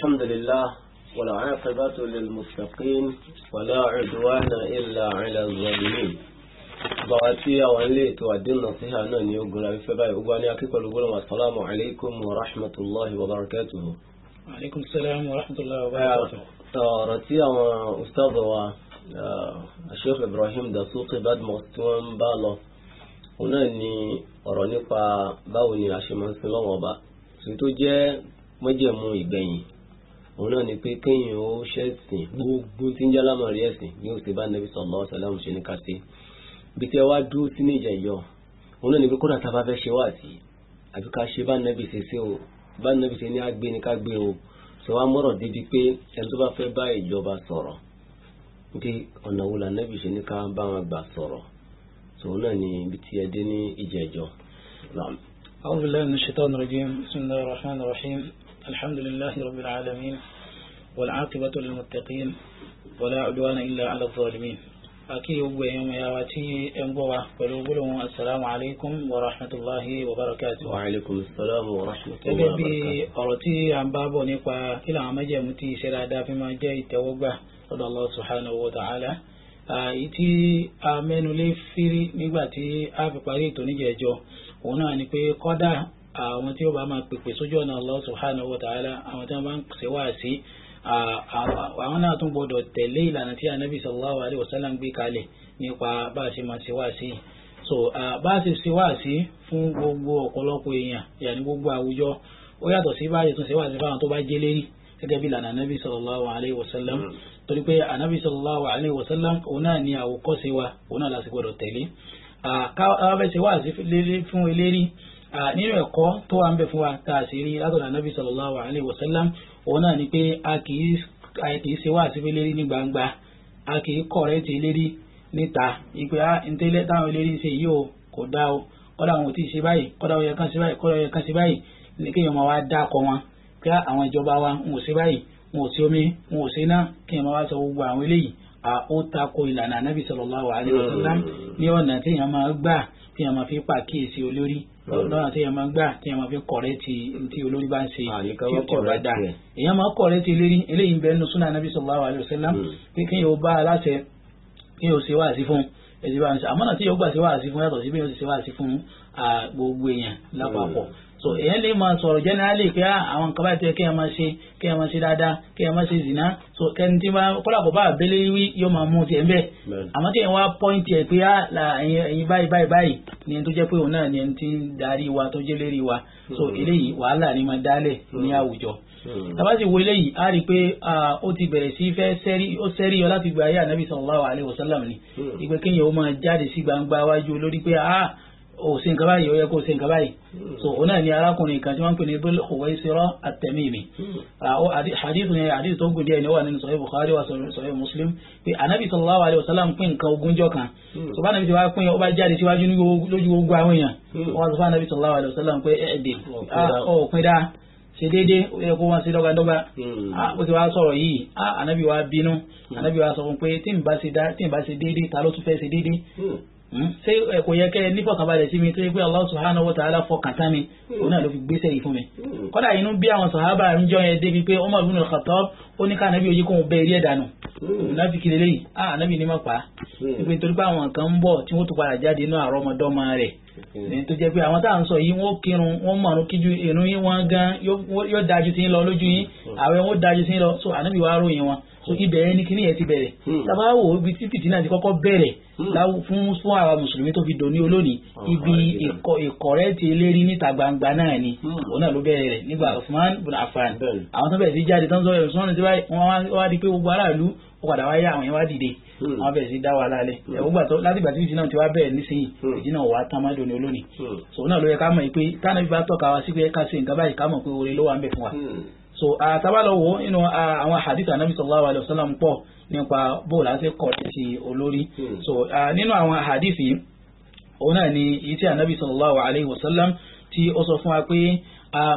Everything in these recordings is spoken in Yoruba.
الحمد لله والعاقبة للمتقين ولا عدوان إلا على الظالمين ضغطية وانليت وعدين نصيحة أنني يقول أبي فباي أبواني أكيد يقول السلام عليكم ورحمة الله وبركاته وعليكم السلام ورحمة الله وبركاته تارتيا وأستاذ الشيخ إبراهيم دسوقي بعد مغتوم بالو هنا ni ọ̀rọ̀ nípa báwo ni a ṣe máa ń sin lọ́wọ́ ọba tó jẹ́ mọ́jẹ̀mú ìgbẹ̀yìn òun náà ni pé kéèyàn ó ṣẹ̀sìn gbogbo tí ń jálá mọ̀ rí ẹ̀sìn bí ó ṣe bá nàbí sallallahu alaihi wasallam ṣe ní ká ṣe bí tí ẹ wá dúró sí ní ìjẹ̀yọ òun náà ni pé kódà tá a bá fẹ́ ṣe wá àti àbí ká ṣe bá nàbí ṣe ṣe o bá nàbí ṣe ní àgbé ni ká gbé o sọ wá mọ̀rọ̀ débi pé ẹni tó bá fẹ́ bá ìjọba sọ̀rọ̀ pé ọ̀nà wo lànàbí ṣe ní الحمد لله رب العالمين والعاقبة للمتقين ولا عدوان إلا على الظالمين أكي يوم ياواتي أنبوا ولو السلام عليكم ورحمة الله وبركاته وعليكم السلام ورحمة الله وبركاته أرتي عن بابو نقوى إلى عمجة متي سرادا فيما جاء التوبة صلى الله سبحانه وتعالى èyí tí a mẹ́nu lé fírí nígbà tí a fi parí ètò níjẹ̀ẹ́jọ́ òun náà ni pé kọ́dà àwọn tí ó bá máa pèpè sójú ọ̀nà Allah subhanahu wa ta'ala àwọn tí wọ́n bá ń ṣe wáàsí àwọn náà tún gbọ́dọ̀ tẹ̀lé ìlànà tí anabi sallallahu alayhi wa sallam gbé kalẹ̀ nípa bá a ṣe máa ṣe so bá a ṣe ṣe wáàsí fún gbogbo ọ̀pọ̀lọpọ̀ èèyàn yàní gbogbo àwùjọ ó yàtọ̀ sí báyìí tún ṣe wáàsí fáwọn tó bá jẹ́ lérí gẹ́gẹ́ bí lànà anabi sallallahu alayhi wa sallam mm. torí pé anabi sallallahu alayhi wa sallam òun náà ni àwòkọ́ṣe wa òun náà la sì gbọ́dọ̀ tẹ̀lé ká fẹ́ ṣe fún elérí Ah, nínú ẹ̀kọ́ tó wà ń bẹ fún wa tá a sì rí látọ̀dọ̀ anábì sallallahu alaihi wasallam òun náà ni pé a kì í ṣe wá àṣìfẹ́ lérí ní gbangba a kì í kọ̀rẹ́ ti lérí níta ìpè á ah, ntẹ́lẹ̀ táwọn lérí ṣe yìí o kò dá o kọ́dà wọn ò tí ì ṣe báyìí kọ́dà ó yẹ kán ṣe báyìí kọ́dà ó yẹ ṣe báyìí ní kéèyàn máa wá dákọ̀ wọn pé àwọn ìjọba wa ń ò ṣe báyìí ń ò ṣe omi ń ò ṣe náà kéèyàn máa wá sọ gbogbo sallallahu alaihi wasallam ní ọ̀nà tí èèyàn máa gbà tí èèyàn lọ́nà tí yẹn máa ń gbà tí yẹn máa fi kọ̀rẹ́ ti tí olórí bá ń ṣe ah, tí ó ti ọ̀rọ̀ dá èèyàn máa kọ̀rẹ́ ti lérí eléyìí ń bẹ nínú súnà nàbí sallallahu alaihi wasallam hmm. pé kí yóò bá aláṣẹ kí yóò ṣe wáàsí fún ẹ̀sìn bá ń ṣe àmọ́nà tí yóò gbà ṣe wáàsí fún yàtọ̀ sí bí yóò ṣe wáàsí fún gbogbo èèyàn lápapọ̀ hmm so èyàn lè máa sọ̀rọ̀ generally pé ah, àwọn nǹkan báyìí tó yẹ kí ẹ máa ṣe kí ẹ máa ṣe dáadáa kí ẹ máa ṣe zina so kẹni tí bá kọ́lá kò bá abẹ́lé wí yóò máa mú tiẹ̀ bẹ́ẹ̀ àmọ́ tí ẹ̀yin wá point ẹ̀ pé ah, ẹ̀yin báyìí báyìí báyìí ni ẹni tó jẹ́ pé òun náà ni ẹni tí ń darí wa tó jẹ́ lérí wa so hmm. eléyìí wàhálà ni máa dálẹ̀ ní hmm. àwùjọ hmm. tàbá sì wo eléyìí a rí i pé ó ti bẹ̀rẹ̀ sí fẹ́ ó sẹ́rí ọ láti gba ayé ànábì sallallahu alaihi wasallam ni ìgbé kéèyàn ó máa jáde sí gbangba wájú lórí pé ah, o ṣe nǹkan báyìí o yẹ kó o ṣe nǹkan so òun náà ni arákùnrin kan tí wọ́n ń pè ní bil khuwaisira at-tamimi hmm. ah, hadith ni hadith tó gùn díẹ̀ ni ó wà nínú sahih bukhari wa sahih muslim pé anabi sallallahu alayhi wa sallam pín nǹkan ogúnjọ́ kan hmm. so bá anabi ti wá pín ó bá jáde síwájú lójú gbogbo àwọn èèyàn hmm. wọ́n sọ fún anabi sallallahu alayhi wa sallam pé ẹ̀ẹ́dẹ̀ ọ̀ ah, pín dáa ṣe déédé ó yẹ kó wọn ṣe dọ́gbadọ́gba ah, ó ti wá sọ̀rọ̀ yìí anabi wa bínú anabi wa sọ fún pé tí n bá ṣe déédé ta ló tún fẹ́ ṣe déédé Hmm? ṣé kò yẹ kẹ́ ẹ sí mi tó yẹ pé Allah subhanahu wa ta'ala fọkàn tán mi hmm. òun náà ló fi gbèsè yìí fún mi. Hmm. kọ́dà inú bí àwọn sàhábà ń jọ yẹn débi pé Umar ibn al ó ní ká nàbí oyè kóun bẹ́ẹ̀ rí ẹ̀ dànù. nàbí kiri lẹ́yìn ah nàbí ni má pa ìpè torí pé àwọn kan ń bọ̀ tí wọ́n tó padà jáde inú àrọ́ ọmọdọ́mọ rẹ̀. tó jẹ́ pé àwọn tá à ń sọ yìí wọ́n kírun wọ́n mọ̀ọ́nù kíjú ìrun yín wọ́n gan yóò dájú sí lọ lójú yín àwẹ̀ wọ́n dájú sí lọ so ànábì wàá ròyìn wọn so ibẹ̀rẹ̀ ni kíní yẹn ti bẹ̀rẹ̀ hmm. tàbá wò ó ibi tí fìtínà ti kọ́kọ́ bẹ̀rẹ̀ hmm. fún fún àwa mùsùlùmí tó fi dòní olónìí ibi ìkọ̀rẹ́ ti eléri níta gbangba náà ni hmm. òun náà ló bẹ̀rẹ̀ rẹ̀ nígbà Usman bin Affan àwọn tó bẹ̀rẹ̀ sí jáde tó ń sọ ẹ̀rọ sọ́nà tí wọ́n wá di pé gbogbo aráàlú ó padà wáyé àwọn yẹn wá dìde wọ́n bẹ̀rẹ̀ sí dá wàhálà lẹ̀ ẹ̀wọ́gbà tó láti so òun náà ló yẹ ká mọ̀ pé tánàbí bá tọ́ka wa sí pé so àtàbálọ́wọ́ hmm. nínú àwọn àhàdìtà nàbì sallallahu alaihi wasallam pọ̀ nípa bóòlù àti kọ̀ọ̀tì sí olórí so nínú àwọn àhàdìtì òun náà ni èyí tí ànábì sallallahu alaihi wasallam tí ó sọ fún wa pé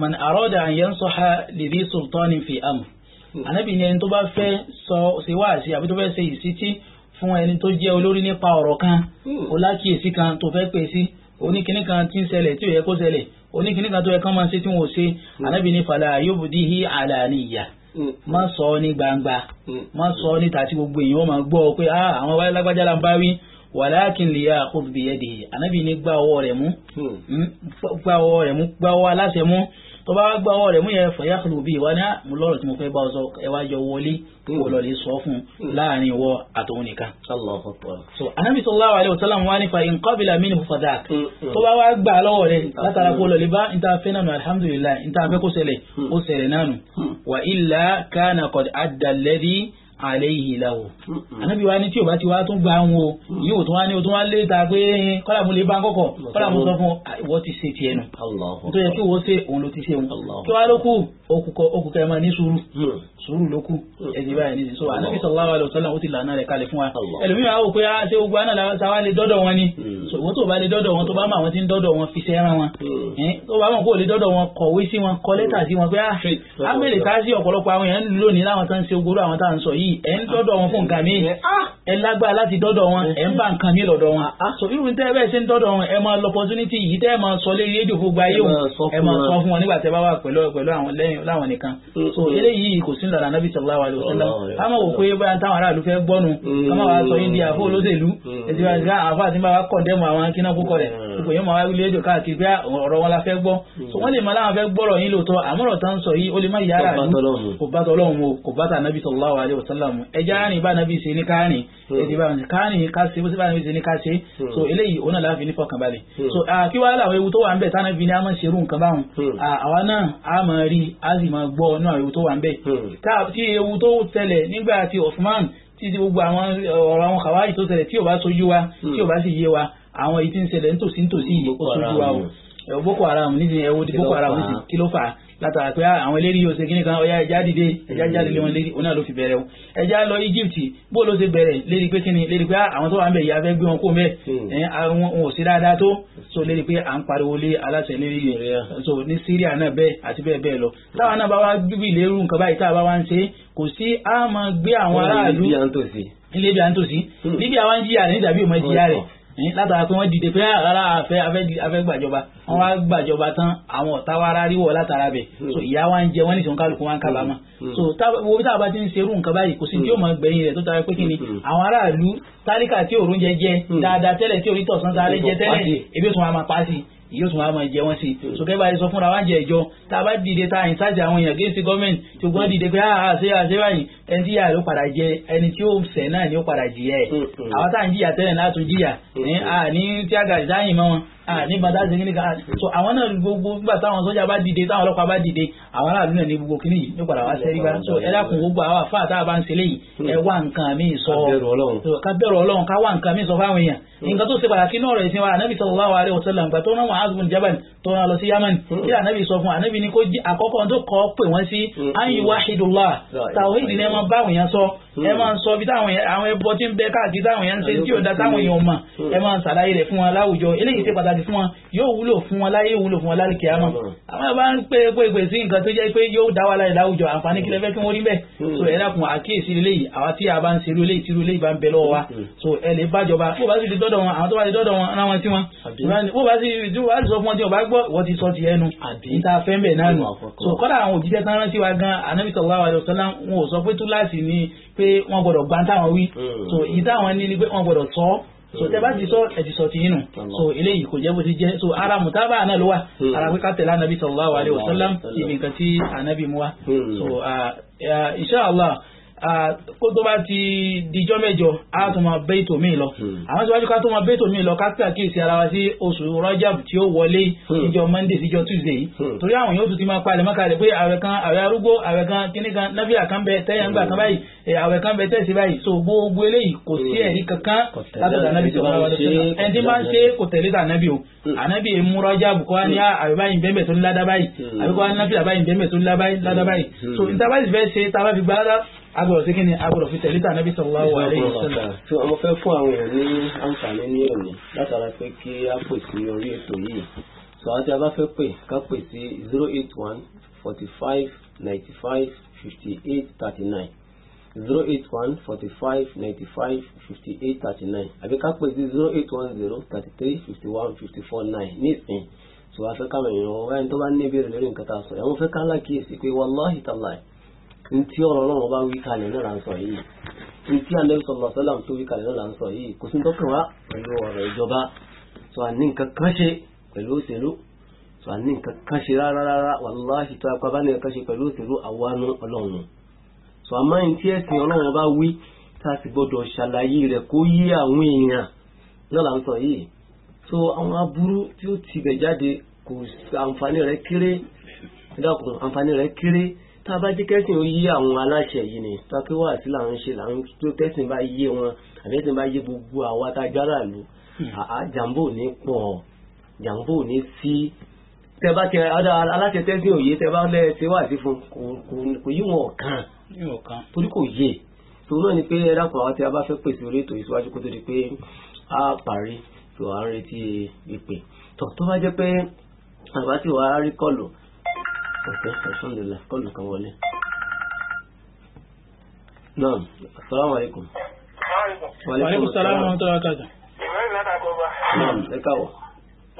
man arada an yansaha lidhi sultanin fi amr hmm. ànábì ni ẹni tó bá fẹ́ sọ ṣe wá àṣì àbí tó fẹ́ ṣe ìsítí fún ẹni tó jẹ́ olórí nípa ọ̀rọ̀ kan ó hmm. lákìyèsí kan tó fẹ́ pè oníkíní kan tí ń ṣẹlẹ̀ tí ò yẹ kó ṣẹlẹ̀ oníkíní kan tó yẹ kán máa ṣe tí wọn ò ṣe anábì hmm. ní fàlà yóbùdíhì àlàníyà hmm. má sọ ọ ní gbangba hmm. má sọ ọ níta tí gbogbo èèyàn máa gbọ́ ọ pé ah, àwọn wáyé lágbájá la ń bá wí wàlákin lè yára kó bìyẹ́ dìhì anábì ní gbà ọwọ́ rẹ̀ mú gbà ọwọ́ rẹ̀ mú gbà ọwọ́ aláṣẹ mú tó bá gbọ́ ọwọ́ rẹ̀ mú yẹn fọ̀yà kìlù bíi ìwà ní ah, mú lọ́rọ̀ tí mo fẹ́ bá ọ sọ ẹ wá jọ wọlé pé wọ́n lọ lè sọ fún un láàrin ìwọ àtòun nìkan. so anabi sallallahu alayhi wa sallam wa ni fa in qabila minhu mm, mm. tó bá wá gbà lọ́wọ́ rẹ̀ mm, látara kó lọlé bá n fẹ́ nánu alhamdulilayi n fẹ́ kó ṣẹlẹ̀ kó ṣẹlẹ̀ nánu wa illa kana àléyìn ìlàwò ànábì wa ní tí o bá ti wá tún gba àwọn o yìí ò tún wá ní o tún wá lé ta pé kọ́là mo lè bá kọ́kọ́ kọ́là mo sọ fún ah, ìwọ ti ṣe tiẹ̀ nù tó yẹ kí o ṣe òun ló ti ṣe òun kí wá ló kù okùn kẹrìnmá ní sùúrù mm. sùúrù ló kù mm. ẹ̀sìn báyìí ní sísọ ànábì sallallahu alaihi wasallam o ti lànà rẹ̀ kalẹ̀ fún wa ẹlòmíràn á wò pé ah, ṣé gbogbo àná ta wá lè dọ́dọ̀ wọn ni mm. ìwọ tó bá lè dọ́dọ̀ wọn tó bá mọ àwọn tí ń dọ́dọ̀ wọn fi sẹ́ran wọn tó bá mọ̀ kó lè dọ́dọ̀ wọn kọ̀wé sí wọn kọ lẹ́tà sí wọn pé á ah, mẹ́lẹ̀ ká ọ̀pọ̀lọpọ̀ àwọn èèyàn lónìí láwọn tó ń ṣe ogoro àwọn tá à ń sọ yìí yìí ẹ̀ ń dọ́dọ̀ wọn fún nǹkan mi ẹ ah! lágbára láti dọ́dọ̀ wọn ẹ̀ ń bá nǹkan mi lọ́dọ̀ wọn ah, ah, so irun tẹ́ ẹ bẹ́ẹ̀ ṣe ń dọ́dọ̀ wọn ẹ máa lọ opportunity yìí tẹ́ ẹ máa sọ lérí rédíò gbogbo ayé wọn ẹ máa sọ fún wọn nígbà tẹ́ bá wà pẹ̀lú pẹ̀lú àwọn lẹ́yìn láwọn nìkan mm, so mm. eléyìí kò sí lára Nabi sallallahu alaihi wasallam ká má wò pé bóyá táwọn aráàlú fẹ́ gbọ́nu mm. ká má wàá sọ yín di àfọ olóṣèlú ètò àfọ àti bá wa kọ̀ndẹ́mù àwọn akínà púpọ̀ rẹ̀ gbogbo yẹn máa wá wílé èdè káàkiri pé ọ̀rọ̀ wọn la fẹ́ gbọ́ so wọ́n lè máa láwọn fẹ́ gbọ́rọ̀ yín lóòótọ́ àmọ́rọ̀ tá ń sọ yìí ó lè má yára ní kò bá tọ́lọ́hún o kò bá tà nábì sallallahu alaihi wasallam ẹja rìn bá nábì ṣe ní káàrin èdè hmm. bá rìn káàrin ká ṣe bó ṣe bá nábì ṣe ní ká ṣe hmm. so eléyìí òun náà láàfin ní fọkànbalẹ̀ hmm. so kí wàá làwọn ewu tó wà ń bẹ tánàbí ni a máa ń ṣerú nǹkan báwọn àwa náà a máa rí a sì máa gbọ́ náà ewu tó wà ń bẹ tí ewu tó tẹlẹ̀ nígbà tí Osman títí gbogbo àwọn ọ̀rọ̀ àwọn kàwáyì tó tẹlẹ̀ tí ò bá sojú wa tí ò bá sì yé wa àwọn èyí tí ń ṣẹlẹ̀ nítòsí nítòsí yìí ó sójú wa o ẹ̀wọ̀ boko haram nísìnyí ẹ̀wọ̀ di boko haram nísìnyí kí ló fà á látara pé ah, àwọn eléyìí yóò ṣe kíní kan ọ̀yá ẹja dìde ẹja jáde lé wọn lérí oní àlọ́ fi bẹ̀rẹ̀ o ẹja lọ Egypt bó ló ṣe bẹ̀rẹ̀ lérí pé kíni lérí pé ah, àwọn tó wà ń bẹ̀ yìí afẹ́ gbé wọn kó mẹ́ hmm. ẹ̀ àwọn ò sí dáadáa tó so lérí pé à ń pariwo lé aláṣẹ lérí rẹ̀ so ní Syria náà bẹ́ẹ̀ àti bẹ́ẹ̀ bẹ́ẹ̀ lọ táwa náà bá wá bíbí lérú nǹkan báyìí táwa bá wá ń ṣe kò sí á máa gbé àwọn aráàlú Libya ń tòsí Libya hmm. ń jìyà rẹ̀ nígbà bí òun jìyà rẹ̀ Eh, látara pé wọ́n dìde pé ah, rárá afẹ́ afẹ́ gbàjọba wọ́n wá gbàjọba tán àwọn ọ̀tá wa ara ríwọ̀ látara bẹ̀ hmm. so ìyá wa ń jẹ wọ́n nìṣó kálukú wa ń kábàámọ̀ hmm. so wo bí táwa bá ti ń serú nǹkan báyìí kò sí hmm. tí yóò máa gbẹ̀yìn rẹ̀ tó tara pé kí ni àwọn aráàlú tálíkà tí òórùn jẹ jẹ dáadáa tẹ́lẹ̀ tí orí tọ̀sán tálẹ́ jẹ tẹ́lẹ̀ ebi tún wa máa pa sí i yóò tún wá máa jẹ wọn sí sókè bá sọ fúnra wá jẹ ìjọ tá a bá dìde tá a ìsáàjì àwọn èèyàn gẹ́gẹ́ sí gọ́ọ̀mẹ̀ntì tí gbọ́n dìde pé àà ṣe àṣẹ báyìí ẹni tí yàrá ló padà jẹ ẹni tí ó sẹ̀ náà ni ó padà jìyà ẹ̀ mm, mm. àwọn tá à ń jìyà tẹ́lẹ̀ látún jìyà mm, eh, ní àní tí a gàdí mọ́ wọn nígbà tá a ṣe kí ká so àwọn náà gbogbo nígbà táwọn sọ́jà bá dìde táwọn ọlọ́pàá bá dìde àwọn aráàlú náà ní gbogbo kí nìyí ní padà wá sẹ́rí bá so ẹ dákun gbogbo àwọn àfáà tá a bá ń ṣe léyìí ẹ wá nǹkan mi sọ ká bẹ̀rù ọlọ́run ká wá nǹkan mi sọ fáwọn èèyàn nǹkan tó ṣe pàtàkì náà rẹ̀ sí wa anábì sallallahu alaihi wasallam nǹkan tó náà wà á tó rán lọ sí Yaman mm. kí ànábì sọ fún ànábì ni kó àkọ́kọ́ tó kọ́ pè wọ́n sí mm. ayin wahidullah mm. tawhid ni ẹ máa bá àwọn èèyàn sọ ẹ máa sọ bí táwọn àwọn ẹbọ tí ń bẹ káàkiri táwọn èèyàn ń ṣe tí ò da táwọn èèyàn mọ̀ ẹ máa ṣàlàyé rẹ̀ fún wọn láwùjọ eléyìí ṣe pàtàkì fún wọn yóò wúlò fún wọn láyé wúlò fún wọn lálẹ́ kíámà àwọn ẹ̀ bá ń pè é pé sí nǹkan tó jẹ́ pé yóò dá wa láyé láwùjọ àǹfààní kílẹ̀ fẹ́ kí wọ́n rí bẹ́ẹ̀ so ẹ dákun àkíyèsí eléyìí àwa tí a bá ń ṣe irú eléyìí tí irú eléyìí bá ń bẹ lọ́wọ́ wa so ẹ lè bájọba bó bá sì ti dọ́dọ̀ wọn àwọn tó bá ti dọ́dọ̀ wọn ara wọn sí wọn bó bá sì sọ fún wọn tí wọn bá gbọ́ wọ́n ti sọ ti ẹnu níta fẹ́ǹbẹ̀ náà nù so kọ́dà àwọn òjíṣẹ́ tán rántí wa gan anabi sallallahu alaihi wasallam wọn ò sọ pé túláàsì ni pé wọ́n gbọ́dọ̀ gbá táwọn wí hmm. so ìyí táwọn ní ni pé wọ́n gbọ́dọ̀ sọ so hmm. tẹ bá ti sọ ẹ ti sọ ti yín nù so eléyìí kò jẹ́ bó ti jẹ́ so ara mùtábà náà ló wà hmm. ara pé ká tẹ̀lé anabi sallallahu alaihi wasallam ibi nǹkan tí anabi mú wa so inshallah kó tó bá ti dijọ́ mẹ́jọ a tó máa bẹ́ ètò mi lọ hmm. àwọn síwájú ká tó máa bẹ́ ètò mi lọ ká pé àkíyèsí ara wa sí oṣù Rajab tí ó wọlé hmm. níjọ́ Monday síjọ́ Tuesday yìí hmm. torí àwọn yóò tún ti máa palẹ̀ mọ́ka rẹ̀ pé àwẹ̀ kan àwẹ̀ arúgbó àwẹ̀ kan kíní kan náfíà kan bẹ tẹ́yà ń gbà kan báyìí eh, àwẹ̀ kan bẹ tẹ́sí báyìí so gbogbo eléyìí kò sí ẹ̀rí kankan látọ̀dọ̀ ànábì tó máa wà lọ́sọ̀rọ̀ ẹni tí máa ń ṣe kò tẹ̀lé tà ànábì o ànábì èmu Rajab kọ́ ni àwẹ̀ báyìí bẹ́ẹ̀ tó ń ládá báyìí àbíkọ́ náfíà báyìí bẹ́ẹ̀ tó ń ládá báyìí so ní tábàtì fẹ́ ṣe tábàtì gbáradá agbọ̀rọ̀ sí kí ni agbọ̀rọ̀ fi tẹ̀lé tà Nábì sallallahu alaihi wasallam. tí wọ́n fẹ́ fún àwọn èèyàn ní àǹfààní ní òní látara pé kí á pè sí orí ètò yìí sọ àti a pè ká pè sí zero eight one forty five ninety five fifty eight thirty nine zero eight one forty five ninety five fifty eight thirty nine àbí ká pè sí zero eight one zero thirty three fifty one fifty four nine nísìnyí sọ wá fẹ́ ká mẹ́rin ọ̀wọ́ ẹni tó bá ní ìbéèrè lórí nǹkan tá a sọ ẹ̀ wọ́n fẹ́ ká lákìyèsí pé wàláhì tàláì ntí ọ̀rọ̀ ọlọ́run bá wí kalẹ̀ náà là ń sọ yìí ntí alẹ́ sọ̀rọ̀ sọ́làm tó wí kalẹ̀ náà là ń sọ yìí kò sí ní tọ́kàn wá pẹ̀lú ọ̀rọ̀ ìjọba tó à ní nǹkan kan ṣe pẹ̀lú òṣèlú tó à ní nǹkan kan ṣe rárá rárá wàláhì tó apá bá ní nǹkan ṣe pẹ̀lú òṣèlú àwọnú ọlọ́run tó àmọ́ ntí ẹ̀sìn ọlọ́run bá wí tá a sì gbọ́dọ̀ ṣàlàyé rẹ̀ kó yé àwọn èèyàn náà là ń sọ yìí so àwọn aburú tí ó ti bẹ̀ jáde kò àǹfààní rẹ̀ kéré ẹ̀dá kò àǹfààní rẹ̀ kéré tá a bá jẹ́ kẹ́sìn ó yí àwọn aláṣẹ yìí ni tọ́kí wà sí là ń ṣe là ń tó kẹ́sìn bá yé wọn àbí bá yé gbogbo àwa tá a jára lù hmm. jàǹbó ní pọ̀ jàǹbó ní sí tẹ bá tẹ aláṣẹ tẹ́sìn òye tẹ bá lẹ ṣe wà sí fún kò yí wọn ọ̀kan torí kò yé tòun náà ni pé ẹ dákun àwọn tí a bá fẹ́ pèsè orí ètò ìṣíwájú kó tó di pé a parí tó à ń retí ìpè tó tó bá jẹ́ pé àbá tí wàá rí kọlù اوكي alhamdulillah لله كله كان ولي نعم السلام عليكم وعليكم السلام ورحمة الله وبركاته نعم لكاو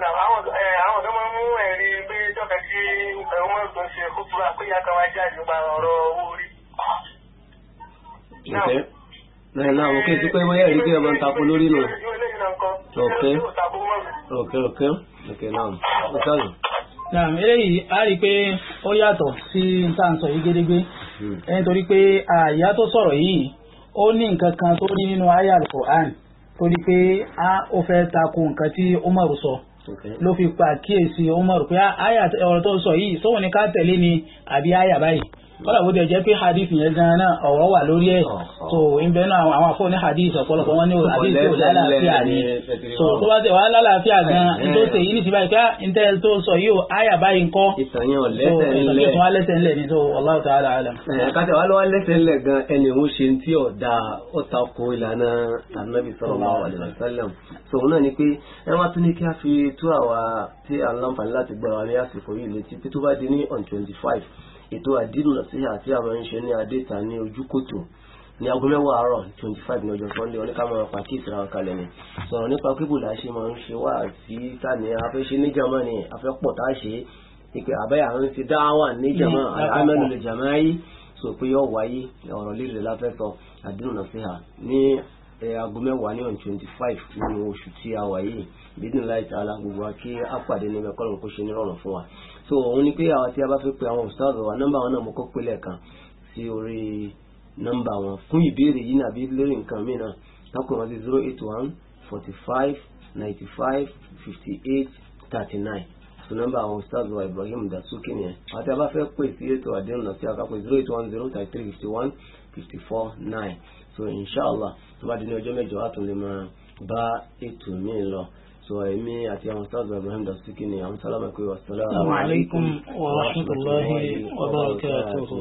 نعم àwọn àwọn tó máa ń mú ẹ̀rí bí tọ́ka sí ọmọ tó ṣe kútùbà pé yàtọ̀ wá jáde nípa ọ̀rọ̀ owó Okay. Náà náà mo kí n dúpẹ́ wáyà rí pé ọmọ Okay. Okay okay. Okay náà naam eléyìí a rí i pé ó yàtọ̀ sí tá à ń sọ yìí gédégbé hmm. ẹni torí pé àyà tó sọ̀rọ̀ yìí ó ní nǹkan kan tó ní nínú àyà alukur'an torí pé a ó fẹ́ tako nǹkan tí Umaru sọ ló fi pa kíyèsí Umaru pé àyà ọ̀rọ̀ tó sọ yìí sóhun ni ká tẹ̀lé ni àbí àyà báyìí kọ́lá bó ti jẹ́ pé hadith yẹn gan náà ọ̀rọ̀ wà lórí ẹ̀ tó ń bẹ́ẹ̀ náà àwọn afọ́ ní hadith ọ̀pọ̀lọpọ̀ wọn ní hadith tó lálàáfíà ni tó tó bá ti wà lálàáfíà gan tó ṣe yìí nìtìbá ìká ah, ntẹ́ tó sọ yìí o àyà báyìí ń kọ́ ìtàn wa lẹ́sẹ̀ ńlẹ̀ ni tó Allahu ta'ala alam. kàtà wà lọ́wọ́ lẹ́sẹ̀ ńlẹ̀ gan ẹni òun ṣe ti ọ̀dà ọ̀tà kó náà ni pé ẹ wá tún ní kí a fi tú àwa tí a ń láǹfààní láti gbọ́ àwọn àríyá sí fòyí létí pé tó bá di ní on twenty five ètò àdínù nasiha tí a máa ń ṣe ní adéta ní ojúkòtò ní aago mẹ́wàá àárọ̀ twenty five ní ọjọ́ sunday oníkàmọ́ pàtí ìsìnra kalẹ̀ ni sọ̀rọ̀ nípa pípò là ṣe máa ń ṣe wá sí tani afẹ́ṣe ní jama ni afẹ́pọ̀ tá a ṣe ìpè àbẹ́yà ń ti dá wà ní jama àmẹ́nu lè jama yìí sọ pé yọ wáyé ọ̀rọ̀ líle láfẹ́sọ àdínù nasiha ní eh, aago mẹ́wàá ní on twenty five nínú oṣù tí a wà yìí bídùn láì tààlà gbogbo akí á pàdé níbẹ̀ kọ́ so òun ni pé àwọn tí a bá fẹ́ pe àwọn ustaz wa nọ́mbà wọn náà mo kọ́ pélé kan sí orí nọ́mbà wọn fún ìbéèrè yìí nàbí lórí nǹkan mi náà tákùn wọn sí zero eight one forty five ninety five fifty eight thirty nine so nọ́mbà àwọn ustaz wa Ibrahim Dasuki ni. àwọn tí a bá fẹ́ pè sí ètò àdéhùn náà sí àkàpọ̀ zero eight one zero thirty three fifty one fifty four nine so inshallah tó bá di ní ọjọ́ mẹ́jọ àtúnlẹ̀ máa bá ètò mi lọ sọ èmi àti àwọn stars Ibrahim Dasuki ni àwọn sálámà pé wàsálàmù alaykum wa rahmatulahi wa barakatuhu.